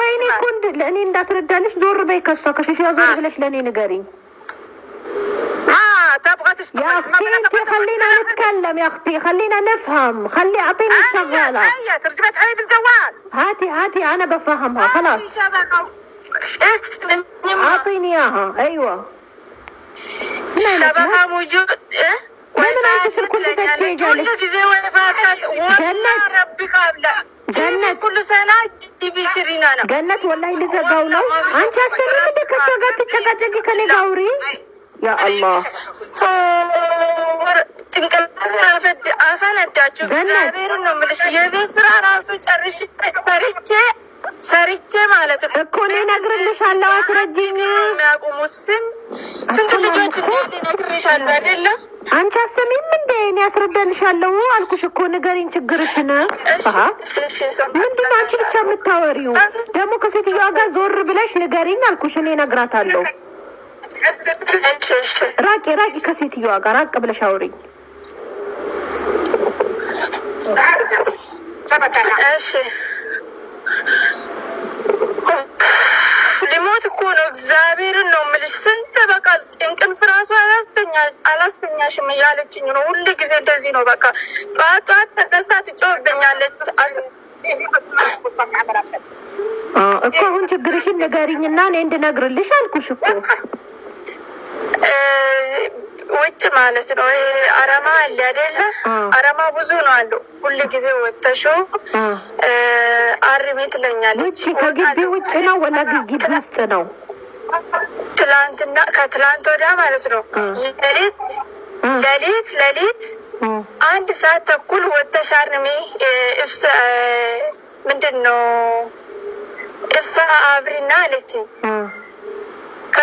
ወይኔ እኮ ለእኔ እንዳትረዳልሽ ዞር በይ ከሷ ከሽሻ ዞር ብለሽ ለእኔ ንገሪኝ። يا اختي خلينا نتكلم يا اختي خلينا نفهم خلي اعطيني الشغاله هاتي هاتي انا بفهمها خلاص اعطيني اياها ايوه الشبكه موجود ايه ለምን አንቺ ስልኩን ትተሽ ትሄጃለሽ? ገነት ገነት ወላሂ ልዘጋው ነው። አንቺ አሰሚም እንደ ከእሷ ጋር ትጨቃጨቂ ከኔ ጋር አውሪ። ያ አላህ አፈነዳችሁ። እግዚአብሔርን ነው የምልሽ። የቤት ስራ ራሱ ጨርሼ ሰርቼ ሰርቼ ማለት ነው እኮ እኔ እነግርልሻለሁ። አስረጂኝ የሚያቆሙት ስንት ልጆች እነግርልሻለሁ አይደለም አንቺ አሰሚም እንደ እኔ ያስረዳልሻለሁ አልኩሽ እኮ ንገሪኝ ችግርሽን። ምንድን አንቺ ብቻ የምታወሪው ደግሞ ከሴትዮዋ ጋር ዞር ብለሽ ንገሪኝ አልኩሽ። እኔ እነግራታለሁ። ራቂ ራቂ፣ ከሴትዮዋ ጋር ራቅ ብለሽ አውሪኝ። እሺ ነው እግዚአብሔርን ነው የምልሽ። ስንት በቃ እንቅልፍ ራሱ አላስተኛሽም እያለችኝ ነው ሁሉ ጊዜ እንደዚህ ነው። በቃ ጠዋት ጠዋት ተነስታ ትጮህብኛለች። እኮ አሁን ችግርሽን ንገሪኝና እኔ እንድነግርልሽ አልኩሽ እኮ ውጭ ማለት ነው። ይሄ አረማ አለ አይደለ? አረማ ብዙ ነው አሉ። ሁል ጊዜ ወተሾ አርሜ ትለኛለች። ከግቢ ውጭ ነው ወላ ግቢ ውስጥ ነው? ትላንትና ከትላንት ወዲያ ማለት ነው። ሌሊት ሌሊት ሌሊት አንድ ሰዓት ተኩል ወተሽ አርሜ እፍስ ምንድን ነው እፍሳ አብሪና አለችኝ።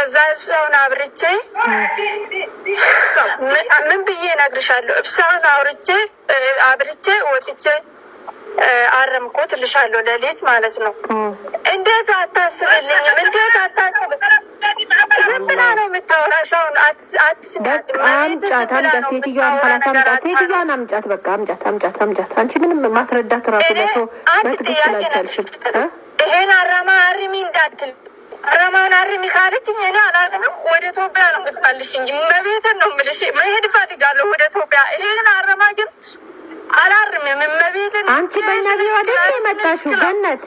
ከዛ እብሳውን አብርቼ ምን ብዬ እነግርሻለሁ? እብሳውን አውርቼ አብርቼ ወጥቼ አረምኩት እልሻለሁ። ሌሊት ማለት ነው። እንዴት አታስብልኝም? እንዴት አታስብ ዝም ብላ ነው የምታወራሽ። አሁን አምጫት አምጫት፣ ሴትዮዋን ከላስ አምጫት፣ ሴትዮዋን አምጫት፣ በቃ አምጫት፣ አምጫት፣ አምጫት። አንቺ ምንም ማስረዳት ራሱ ለሰው በትክክል አልቻልሽም። ይሄን አራማ አርሚ እንዳትል ረማን አርሚ ካለችኝ እኔ አላርምም። ወደ ኢትዮጵያ ነው የምትመልሽኝ። መቤትን ነው የምልሽ። መሄድ እፈልጋለሁ ወደ ኢትዮጵያ። ይሄን አረማ ግን አላርምም። መቤትን አንቺ በነቢ ወደ የመጣሽው ገነት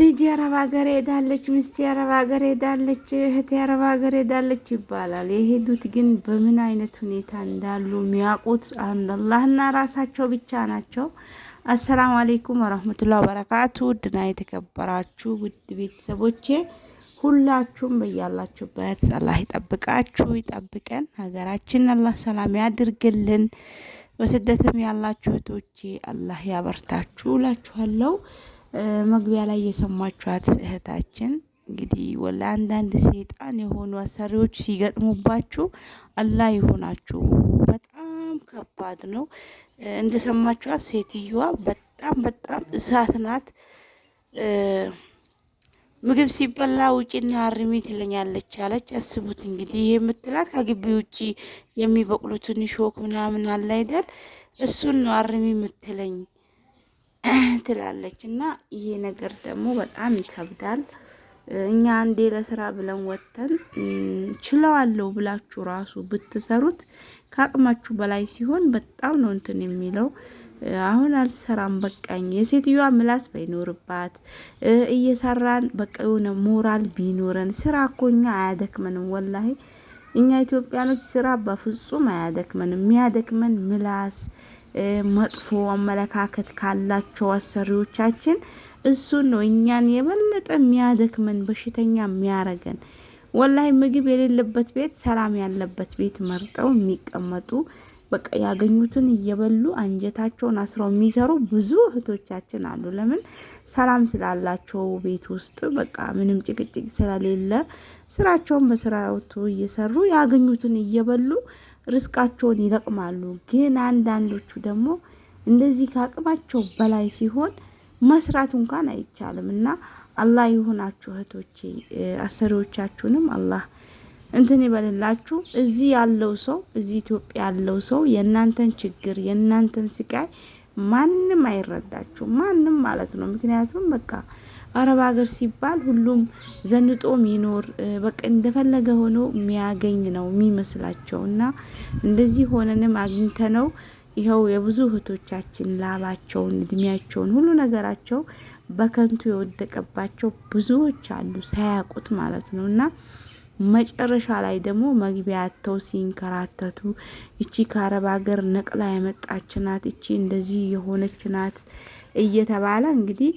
ልጅ የአረብ ሀገር ሄዳለች፣ ሚስት የአረብ ሀገር ሄዳለች፣ እህት የአረብ ሀገር ሄዳለች ይባላል። የሄዱት ግን በምን አይነት ሁኔታ እንዳሉ የሚያውቁት አንድ አላህና ራሳቸው ብቻ ናቸው። አሰላሙ አሌይኩም ወረህመቱላ በረካቱ ውድና የተከበራችሁ ውድ ቤተሰቦቼ ሁላችሁም በያላችሁበት አላህ ይጠብቃችሁ ይጠብቀን። ሀገራችን አላህ ሰላም ያድርግልን። በስደትም ያላችሁ እህቶቼ አላህ ያበርታችሁ እላችኋለሁ። መግቢያ ላይ የሰማችኋት እህታችን እንግዲህ ወላ አንዳንድ ሴጣን የሆኑ አሰሪዎች ሲገጥሙባችሁ አላህ ይሆናችሁ ከባድ ነው። እንደሰማችኋት ሴትዮዋ በጣም በጣም እሳት ናት። ምግብ ሲበላ ውጭና አርሚ ትለኛለች አለች። አስቡት እንግዲህ ይሄ የምትላት ከግቢ ውጪ የሚበቅሉትን ሾክ ምናምን አለ አይደል? እሱን ነው አርሚ የምትለኝ ትላለች። እና ይሄ ነገር ደግሞ በጣም ይከብዳል። እኛ አንዴ ለስራ ብለን ወጥተን ችለዋለሁ ብላችሁ ራሱ ብትሰሩት ከአቅማችሁ በላይ ሲሆን በጣም ነው እንትን የሚለው። አሁን አልሰራም በቃኝ። የሴትዮዋ ምላስ ባይኖርባት እየሰራን በቃ የሆነ ሞራል ቢኖረን ስራ እኮ እኛ አያደክመንም። ወላሂ እኛ ኢትዮጵያኖች ስራ በፍጹም አያደክመንም። የሚያደክመን ምላስ፣ መጥፎ አመለካከት ካላቸው አሰሪዎቻችን እሱን ነው እኛን የበለጠ የሚያደክመን በሽተኛ የሚያረገን። ወላይ ምግብ የሌለበት ቤት ሰላም ያለበት ቤት መርጠው የሚቀመጡ በቃ ያገኙትን እየበሉ አንጀታቸውን አስረው የሚሰሩ ብዙ እህቶቻችን አሉ። ለምን ሰላም ስላላቸው ቤት ውስጥ በቃ ምንም ጭቅጭቅ ስለሌለ ስራቸውን በስራቱ እየሰሩ ያገኙትን እየበሉ ርስቃቸውን ይለቅማሉ። ግን አንዳንዶቹ ደግሞ እንደዚህ ከአቅማቸው በላይ ሲሆን መስራት እንኳን አይቻልም። እና አላህ ይሁናችሁ እህቶቼ፣ አሰሪዎቻችሁንም አላህ እንትን ይበልላችሁ። እዚህ ያለው ሰው እዚህ ኢትዮጵያ ያለው ሰው የእናንተን ችግር የእናንተን ስቃይ ማንም አይረዳችሁ፣ ማንም ማለት ነው። ምክንያቱም በቃ አረብ ሀገር ሲባል ሁሉም ዘንጦ ሚኖር በቃ እንደፈለገ ሆኖ የሚያገኝ ነው የሚመስላቸው እና እንደዚህ ሆነንም አግኝተ ነው ይኸው የብዙ እህቶቻችን ላባቸውን፣ እድሜያቸውን፣ ሁሉ ነገራቸው በከንቱ የወደቀባቸው ብዙዎች አሉ ሳያውቁት ማለት ነው እና መጨረሻ ላይ ደግሞ መግቢያ አጥተው ሲንከራተቱ እቺ ከአረብ ሀገር ነቅላ የመጣች ናት፣ እቺ እንደዚህ የሆነች ናት እየተባለ እንግዲህ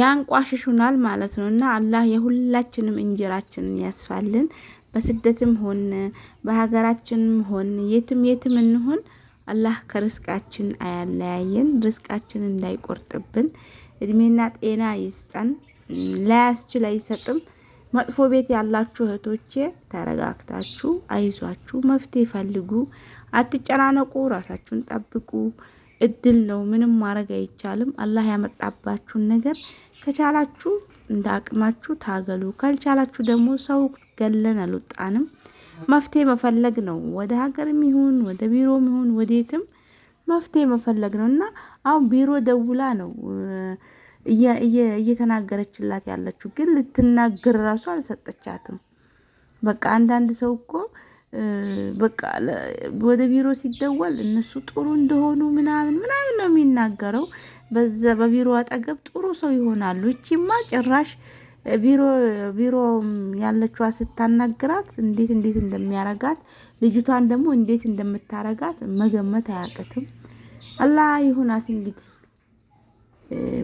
ያንቋሽሹናል ማለት ነው እና አላህ የሁላችንም እንጀራችንን ያስፋልን። በስደትም ሆን በሀገራችንም ሆን የትም የትም እንሆን አላህ ከርስቃችን አያለያየን፣ ርስቃችን እንዳይቆርጥብን፣ እድሜና ጤና ይስጠን። ላያስችል አይሰጥም። መጥፎ ቤት ያላችሁ እህቶቼ ተረጋግታችሁ አይዟችሁ፣ መፍትሄ ፈልጉ፣ አትጨናነቁ፣ ራሳችሁን ጠብቁ። እድል ነው፣ ምንም ማድረግ አይቻልም። አላህ ያመጣባችሁን ነገር ከቻላችሁ እንደ አቅማችሁ ታገሉ፣ ካልቻላችሁ ደግሞ ሰው ገለን አልወጣንም። መፍትሄ መፈለግ ነው። ወደ ሀገርም ይሁን ወደ ቢሮም ይሁን ወዴትም መፍትሄ መፈለግ ነው እና አሁን ቢሮ ደውላ ነው እየተናገረችላት ያለችው፣ ግን ልትናገር ራሱ አልሰጠቻትም። በቃ አንዳንድ ሰው እኮ በቃ ወደ ቢሮ ሲደወል እነሱ ጥሩ እንደሆኑ ምናምን ምናምን ነው የሚናገረው። በዛ በቢሮ አጠገብ ጥሩ ሰው ይሆናሉ። እቺማ ጭራሽ ቢሮ ቢሮ ያለችዋ ስታናግራት እንዴት እንዴት እንደሚያረጋት ልጅቷን ደግሞ እንዴት እንደምታረጋት መገመት አያቅትም። አላህ ይሁናት እንግዲህ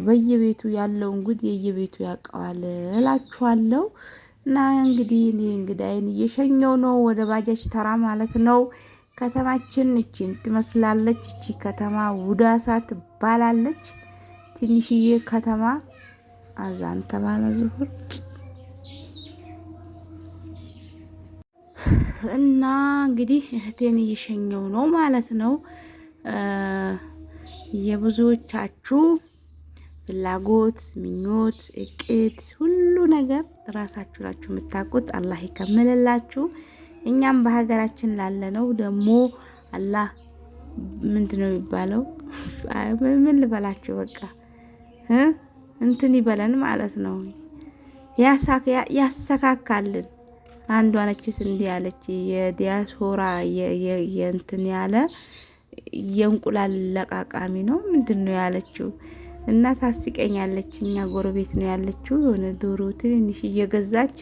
በየቤቱ ያለውን ጉድ የየቤቱ ያውቀዋል እላችኋለሁ። እና እንግዲህ እኔ እንግዳይን እየሸኘው ነው ወደ ባጃጅ ተራ ማለት ነው። ከተማችን እችን ትመስላለች። እቺ ከተማ ውዳሳ ትባላለች። ትንሽዬ ከተማ አዛን ተባለ ዙሁር እና እንግዲህ እህቴን እየሸኘው ነው ማለት ነው። የብዙዎቻችሁ ፍላጎት፣ ምኞት፣ እቅድ ሁሉ ነገር ራሳችሁ ናችሁ የምታውቁት። አላህ ይከምልላችሁ። እኛም በሀገራችን ላለነው ደግሞ አላህ ምንድን ነው የሚባለው? ምን ልበላችሁ በቃ እንትን ይበለን ማለት ነው። ያሰካካልን አንዷ ነችስ እንዲህ ያለች የዲያስፖራ የእንትን ያለ የእንቁላል ለቃቃሚ ነው ምንድን ነው ያለችው እና ታስቀኛለች። እኛ ጎረቤት ነው ያለችው የሆነ ዶሮ ትንንሽ እየገዛች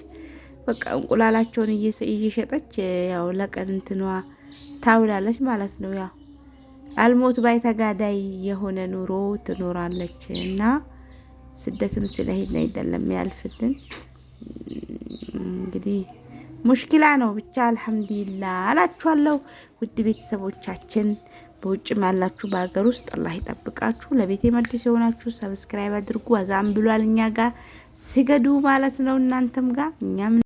በቃ እንቁላላቸውን እየሸጠች ያው ለቀን እንትኗ ታውላለች ማለት ነው። ያው አልሞት ባይ ተጋዳይ የሆነ ኑሮ ትኖራለች እና ስደትም ስለሄድን አይደለም ያልፍልን እንግዲህ ሙሽኪላ ነው ብቻ አልሐምዱሊላ አላችኋለሁ። ውድ ቤተሰቦቻችን በውጭም ያላችሁ በሀገር ውስጥ አላህ ይጠብቃችሁ። ለቤት የመልስ የሆናችሁ ሰብስክራይብ አድርጉ። አዛም ብሏል እኛ ጋር ሲገዱ ማለት ነው እናንተም ጋር እኛም